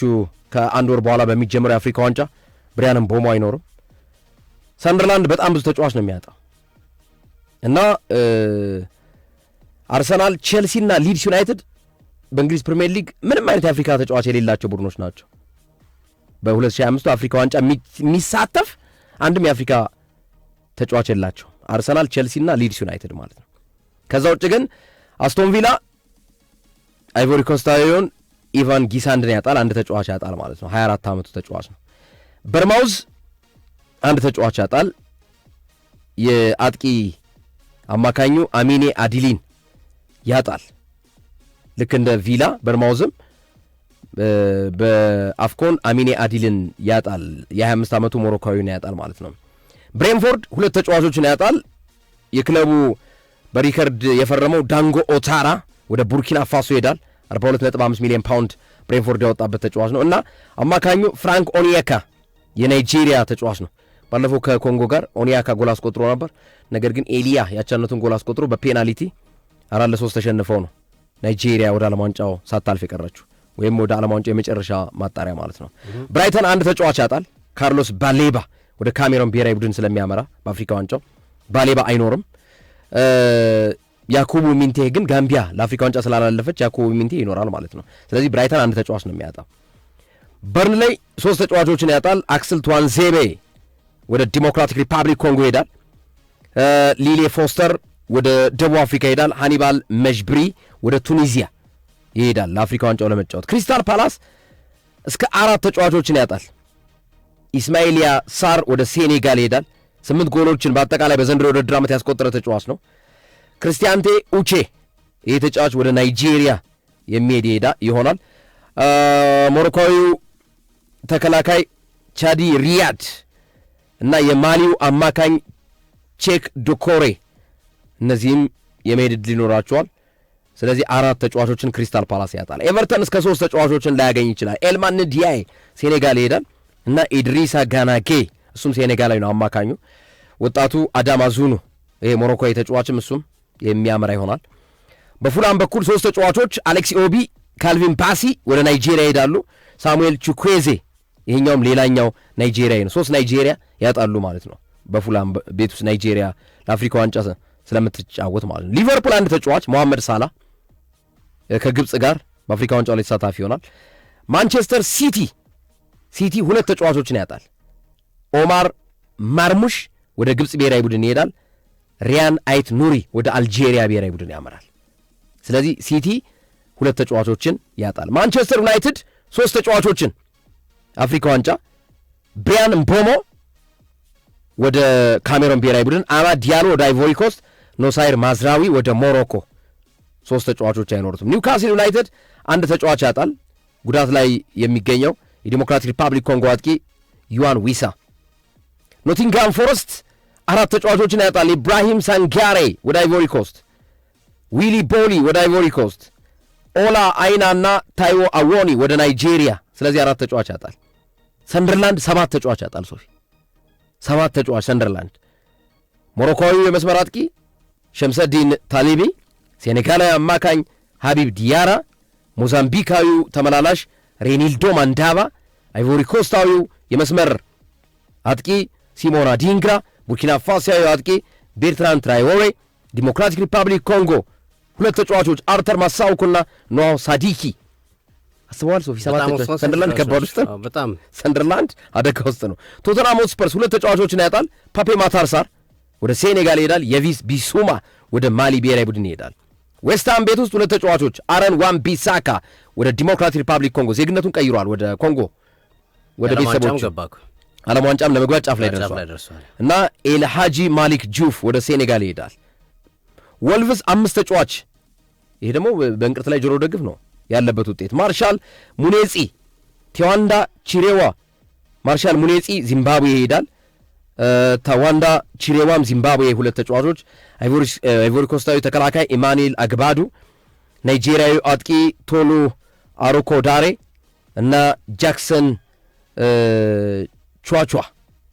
ተጫዋቹ ከአንድ ወር በኋላ በሚጀምረው የአፍሪካ ዋንጫ ብሪያንም ቦሞ አይኖርም። ሰንደርላንድ በጣም ብዙ ተጫዋች ነው የሚያጣ እና አርሰናል፣ ቼልሲ እና ሊድስ ዩናይትድ በእንግሊዝ ፕሪምየር ሊግ ምንም አይነት የአፍሪካ ተጫዋች የሌላቸው ቡድኖች ናቸው። በ2025 አፍሪካ ዋንጫ የሚሳተፍ አንድም የአፍሪካ ተጫዋች የላቸው አርሰናል፣ ቼልሲ እና ሊድስ ዩናይትድ ማለት ነው። ከዛ ውጭ ግን አስቶን ቪላ አይቮሪ ኮስታዮን ኢቫን ጊሳንድን ያጣል፣ አንድ ተጫዋች ያጣል ማለት ነው። 24 ዓመቱ ተጫዋች ነው። በርማውዝ አንድ ተጫዋች ያጣል። የአጥቂ አማካኙ አሚኔ አዲሊን ያጣል። ልክ እንደ ቪላ በርማውዝም በአፍኮን አሚኔ አዲልን ያጣል። የ25 ዓመቱ ሞሮካዊን ያጣል ማለት ነው። ብሬንፎርድ ሁለት ተጫዋቾችን ያጣል። የክለቡ በሪከርድ የፈረመው ዳንጎ ኦታራ ወደ ቡርኪና ፋሶ ይሄዳል። 42.5 ሚሊዮን ፓውንድ ብሬንፎርድ ያወጣበት ተጫዋች ነው እና አማካኙ ፍራንክ ኦኒያካ የናይጄሪያ ተጫዋች ነው። ባለፈው ከኮንጎ ጋር ኦኒያካ ጎል አስቆጥሮ ነበር። ነገር ግን ኤሊያ ያቻነቱን ጎል አስቆጥሮ በፔናሊቲ አራት ለሶስት ተሸንፈው ነው ናይጄሪያ ወደ ዓለም ዋንጫው ሳታልፍ የቀረችው ወይም ወደ ዓለም ዋንጫው የመጨረሻ ማጣሪያ ማለት ነው። ብራይተን አንድ ተጫዋች ያጣል። ካርሎስ ባሌባ ወደ ካሜሮን ብሔራዊ ቡድን ስለሚያመራ በአፍሪካ ዋንጫው ባሌባ አይኖርም። ያኩቡ ሚንቴ ግን ጋምቢያ ለአፍሪካ ዋንጫ ስላላለፈች ያኩቡ ሚንቴ ይኖራል ማለት ነው። ስለዚህ ብራይተን አንድ ተጫዋች ነው የሚያጣው። በርን ላይ ሶስት ተጫዋቾችን ያጣል። አክስል ቷንዜቤ ወደ ዲሞክራቲክ ሪፐብሊክ ኮንጎ ይሄዳል። ሊሌ ፎስተር ወደ ደቡብ አፍሪካ ይሄዳል። ሃኒባል መጅብሪ ወደ ቱኒዚያ ይሄዳል ለአፍሪካ ዋንጫው ለመጫወት። ክሪስታል ፓላስ እስከ አራት ተጫዋቾችን ያጣል። ኢስማኤልያ ሳር ወደ ሴኔጋል ይሄዳል። ስምንት ጎሎችን በአጠቃላይ በዘንድሮ ውድድር ዓመት ያስቆጠረ ተጫዋች ነው። ክርስቲያንቴ ኡቼ ይህ ተጫዋች ወደ ናይጄሪያ የሚሄድ ይሄዳ ይሆናል። ሞሮኮዊው ተከላካይ ቻዲ ሪያድ እና የማሊው አማካኝ ቼክ ዶኮሬ እነዚህም የመሄድ ዕድል ይኖራቸዋል። ስለዚህ አራት ተጫዋቾችን ክሪስታል ፓላስ ያጣል። ኤቨርተን እስከ ሶስት ተጫዋቾችን ላያገኝ ይችላል። ኤልማን ዲያይ ሴኔጋል ይሄዳል እና ኢድሪሳ ጋናጌ እሱም ሴኔጋላዊ ነው። አማካኙ ወጣቱ አዳማ ዙኑ ይሄ ሞሮኮዊ ተጫዋችም እሱም የሚያመራ ይሆናል። በፉላም በኩል ሶስት ተጫዋቾች አሌክሲ ኦቢ ካልቪን ፓሲ ወደ ናይጄሪያ ይሄዳሉ። ሳሙኤል ቹኩዌዜ ይሄኛውም ሌላኛው ናይጄሪያዊ ነው። ሶስት ናይጄሪያ ያጣሉ ማለት ነው። በፉላም ቤት ውስጥ ናይጄሪያ ለአፍሪካ ዋንጫ ስለምትጫወት ማለት ነው። ሊቨርፑል አንድ ተጫዋች መሐመድ ሳላ ከግብፅ ጋር በአፍሪካ ዋንጫ ላይ ተሳታፊ ይሆናል። ማንቸስተር ሲቲ ሲቲ ሁለት ተጫዋቾችን ያጣል። ኦማር ማርሙሽ ወደ ግብፅ ብሔራዊ ቡድን ይሄዳል። ሪያን አይት ኑሪ ወደ አልጄሪያ ብሔራዊ ቡድን ያመራል። ስለዚህ ሲቲ ሁለት ተጫዋቾችን ያጣል። ማንቸስተር ዩናይትድ ሶስት ተጫዋቾችን አፍሪካ ዋንጫ ብሪያን ምፖሞ ወደ ካሜሮን ብሔራዊ ቡድን፣ አማድ ዲያሎ ወደ አይቮሪ ኮስት፣ ኖሳይር ማዝራዊ ወደ ሞሮኮ ሶስት ተጫዋቾች አይኖሩትም። ኒውካስል ዩናይትድ አንድ ተጫዋች ያጣል። ጉዳት ላይ የሚገኘው የዲሞክራቲክ ሪፐብሊክ ኮንጎ አጥቂ ዩዋን ዊሳ። ኖቲንግሃም ፎረስት አራት ተጫዋቾችን ያጣል። ኢብራሂም ሳንጋሬ ወደ አይቮሪ ኮስት፣ ዊሊ ቦሊ ወደ አይቮሪ ኮስት፣ ኦላ አይና እና ታይዎ አዎኒ ወደ ናይጄሪያ። ስለዚህ አራት ተጫዋች ያጣል። ሰንደርላንድ ሰባት ተጫዋች ያጣል። ሶፊ ሰባት ተጫዋች ሰንደርላንድ። ሞሮኮዊ የመስመር አጥቂ ሸምሰዲን ታሊቢ፣ ሴኔጋላዊ አማካኝ ሀቢብ ዲያራ፣ ሞዛምቢካዊው ተመላላሽ ሬኒልዶ ማንዳባ፣ አይቮሪኮስታዊው የመስመር አጥቂ ሲሞና ዲንግራ ቡርኪና ፋሶ አጥቂ ቤርትራን ትራይወሬ፣ ዲሞክራቲክ ሪፐብሊክ ኮንጎ ሁለት ተጫዋቾች አርተር ማሳውኮና ኖ ሳዲኪ አስበዋል። ሶፊ ሰንደርላንድ ከባድ ውስጥ ነው። በጣም ሰንደርላንድ አደጋ ውስጥ ነው። ቶተናም ሆትስፐርስ ሁለት ተጫዋቾችን ያጣል። ፓፔ ማታርሳር ወደ ሴኔጋል ይሄዳል። የቪስ ቢሱማ ወደ ማሊ ብሔራዊ ቡድን ይሄዳል። ዌስትሃም ቤት ውስጥ ሁለት ተጫዋቾች አረን ዋን ቢሳካ ወደ ዲሞክራቲክ ሪፐብሊክ ኮንጎ ዜግነቱን ቀይሯል። ወደ ኮንጎ ወደ ቤተሰቦቹ ዓለም ዋንጫም ለመግባት ጫፍ ላይ ደርሷል እና ኤልሃጂ ማሊክ ጁፍ ወደ ሴኔጋል ይሄዳል። ወልቭስ አምስት ተጫዋች ይሄ ደግሞ በእንቅርት ላይ ጆሮ ደግፍ ነው ያለበት ውጤት። ማርሻል ሙኔጺ፣ ቴዋንዳ ቺሬዋ። ማርሻል ሙኔጺ ዚምባብዌ ይሄዳል። ታዋንዳ ቺሬዋም ዚምባብዌ ሁለት ተጫዋቾች። አይቮሪኮስታዊ ተከላካይ ኢማኒል አግባዱ፣ ናይጄሪያዊ አጥቂ ቶሎ አሮኮ ዳሬ እና ጃክሰን ቿቿ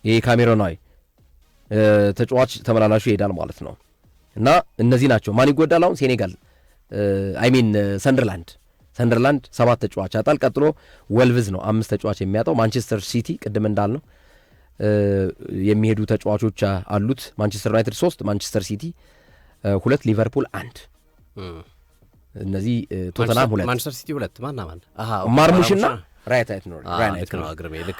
ይሄ ካሜሮናዊ ተጫዋች ተመላላሹ ይሄዳል ማለት ነው። እና እነዚህ ናቸው። ማን ይጎዳል አሁን? ሴኔጋል አይሚን ሰንደርላንድ ሰንደርላንድ ሰባት ተጫዋች ያጣል። ቀጥሎ ወልቭዝ ነው አምስት ተጫዋች የሚያጣው። ማንቸስተር ሲቲ ቅድም እንዳልነው የሚሄዱ ተጫዋቾች አሉት። ማንቸስተር ዩናይትድ ሶስት፣ ማንቸስተር ሲቲ ሁለት፣ ሊቨርፑል አንድ፣ እነዚህ ቶተናም ሁለት፣ ማንቸስተር ሲቲ ሁለት፣ ማርሙሽና ራይት አይት ነው ራይት አይት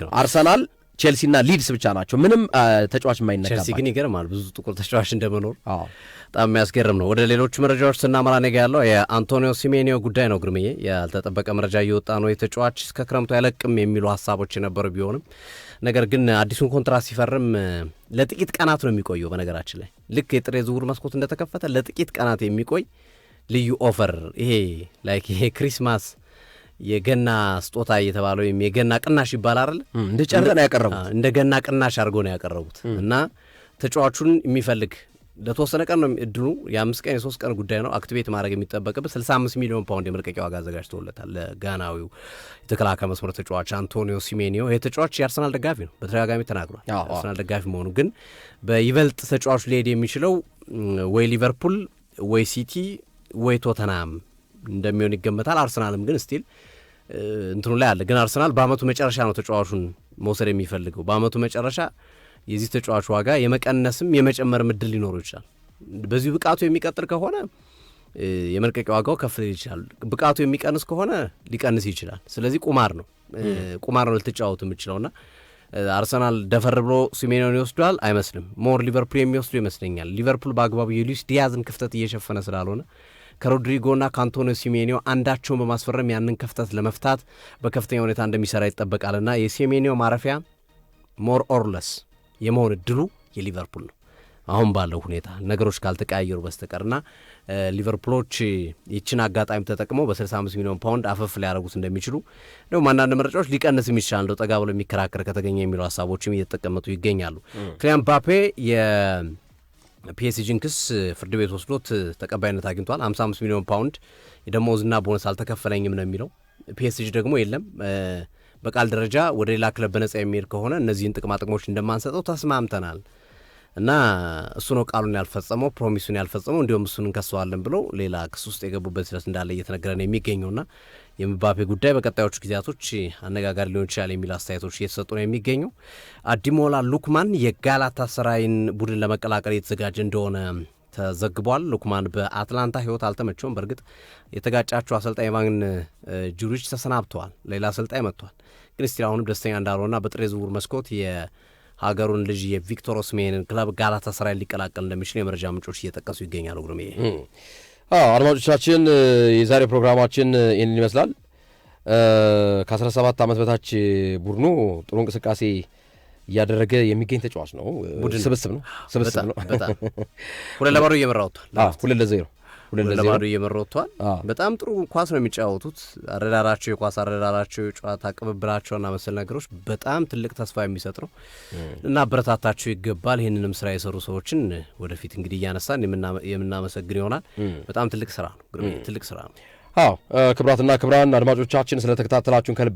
ነው አርሰናል ቼልሲና ሊድስ ብቻ ናቸው፣ ምንም ተጫዋች የማይነካ። ቼልሲ ግን ይገርማል፣ ብዙ ጥቁር ተጫዋች እንደመኖር በጣም የሚያስገርም ነው። ወደ ሌሎቹ መረጃዎች ስናመራ ነገ ያለው የአንቶኒዮ ሲሜኒዮ ጉዳይ ነው። ግርምዬ ያልተጠበቀ መረጃ እየወጣ ነው። የተጫዋች እስከ ክረምቱ አይለቅም የሚሉ ሀሳቦች የነበሩ ቢሆንም ነገር ግን አዲሱን ኮንትራት ሲፈርም ለጥቂት ቀናት ነው የሚቆየው። በነገራችን ላይ ልክ የጥሬ ዝውውር መስኮት እንደተከፈተ ለጥቂት ቀናት የሚቆይ ልዩ ኦፈር ይሄ ላይክ ይሄ ክሪስማስ የገና ስጦታ እየተባለ ወይም የገና ቅናሽ ይባላል እንደ ነው ያቀረቡት። እንደ ገና ቅናሽ አድርጎ ነው ያቀረቡት እና ተጫዋቹን የሚፈልግ ለተወሰነ ቀን ነው እድሉ። የአምስት ቀን የሶስት ቀን ጉዳይ ነው አክቲቬት ማድረግ የሚጠበቅበት። 65 ሚሊዮን ፓውንድ የመልቀቂያ ዋጋ አዘጋጅቶለታል ለጋናዊው የተከላካይ መስመር ተጫዋች አንቶኒዮ ሲሜኒዮ። ይህ ተጫዋች የአርሰናል ደጋፊ ነው በተደጋጋሚ ተናግሯል። አርሰናል ደጋፊ መሆኑ ግን በይበልጥ ተጫዋቹ ሊሄድ የሚችለው ወይ ሊቨርፑል ወይ ሲቲ ወይ ቶተናም እንደሚሆን ይገመታል። አርሰናልም ግን ስቲል እንትኑ ላይ አለ። ግን አርሰናል በአመቱ መጨረሻ ነው ተጫዋቹን መውሰድ የሚፈልገው። በአመቱ መጨረሻ የዚህ ተጫዋች ዋጋ የመቀነስም የመጨመርም ምድል ሊኖረው ይችላል። በዚሁ ብቃቱ የሚቀጥል ከሆነ የመልቀቂያ ዋጋው ከፍ ሊል ይችላል። ብቃቱ የሚቀንስ ከሆነ ሊቀንስ ይችላል። ስለዚህ ቁማር ነው ቁማር ነው ልትጫወቱ የምችለውና አርሰናል ደፈር ብሎ ሲሜኒዮን ይወስዷል አይመስልም። ሞር ሊቨርፑል የሚወስዱ ይመስለኛል። ሊቨርፑል በአግባቡ የሉዊስ ዲያዝን ክፍተት እየሸፈነ ስላልሆነ ከሮድሪጎና ከአንቶኒዮ ሲሜኒዮ አንዳቸውን በማስፈረም ያንን ክፍተት ለመፍታት በከፍተኛ ሁኔታ እንደሚሰራ ይጠበቃልና የሲሜኒዮ ማረፊያ ሞር ኦርለስ የመሆን እድሉ የሊቨርፑል ነው። አሁን ባለው ሁኔታ ነገሮች ካልተቀያየሩ በስተቀርና ሊቨርፑሎች ይችን አጋጣሚ ተጠቅመው በ65 ሚሊዮን ፓውንድ አፈፍ ሊያደረጉት እንደሚችሉ እንዲሁም አንዳንድ መረጫዎች ሊቀንስ የሚችላል እንደው ጠጋ ብሎ የሚከራከር ከተገኘ የሚለው ሀሳቦችም እየተጠቀመጡ ይገኛሉ። ክሊያን ምባፔ ፒኤስጂን ክስ ፍርድ ቤት ወስዶት ተቀባይነት አግኝቷል። 55 ሚሊዮን ፓውንድ የደሞዝና ቦነስ አልተከፈለኝም ነው የሚለው። ፒኤስጂ ደግሞ የለም በቃል ደረጃ ወደ ሌላ ክለብ በነጻ የሚሄድ ከሆነ እነዚህን ጥቅማጥቅሞች እንደማንሰጠው ተስማምተናል እና እሱ ነው ቃሉን ያልፈጸመው ፕሮሚሱን ያልፈጸመው እንዲሁም እሱን እንከሰዋለን ብለው ሌላ ክስ ውስጥ የገቡበት ሂደት እንዳለ እየተነገረ ነው ና የምባፔ ጉዳይ በቀጣዮቹ ጊዜያቶች አነጋጋሪ ሊሆን ይችላል የሚል አስተያየቶች እየተሰጡ ነው የሚገኘው አዲሞላ ሉክማን የጋላታ ሰራይን ቡድን ለመቀላቀል እየተዘጋጀ እንደሆነ ተዘግቧል። ሉክማን በአትላንታ ህይወት አልተመቸውም። በእርግጥ የተጋጫቸው አሰልጣኝ ኢቫን ጁሪች ተሰናብተዋል፣ ሌላ አሰልጣኝ መጥቷል። ግን ስቲል አሁንም ደስተኛ እንዳልሆና በጥሬ የዝውውር መስኮት ሀገሩን ልጅ የቪክቶር ኦስሜንን ክለብ ጋላታሳራይ ሊቀላቀል እንደሚችል የመረጃ ምንጮች እየጠቀሱ ይገኛሉ። ግሩም አድማጮቻችን፣ የዛሬ ፕሮግራማችን ይህንን ይመስላል። ከ17 ዓመት በታች ቡድኑ ጥሩ እንቅስቃሴ እያደረገ የሚገኝ ተጫዋች ነው። ስብስብ ነው ስብስብ ነው። ሁለት ለባዶ እየመራ ወጥቷል። ሁለት ለዜሮ ለባዶ እየመራ ወጥቷል። በጣም ጥሩ ኳስ ነው የሚጫወቱት። አረዳራቸው፣ የኳስ አረዳራቸው፣ የጨዋታ ቅብብላቸውና መሰል ነገሮች በጣም ትልቅ ተስፋ የሚሰጥ ነው እና አበረታታቸው ይገባል። ይህንንም ስራ የሰሩ ሰዎችን ወደፊት እንግዲህ እያነሳን የምናመሰግን ይሆናል። በጣም ትልቅ ስራ ነው፣ ትልቅ ስራ ነው። አዎ ክቡራትና አድማጮቻችን ስለተከታተላችሁን ከልብ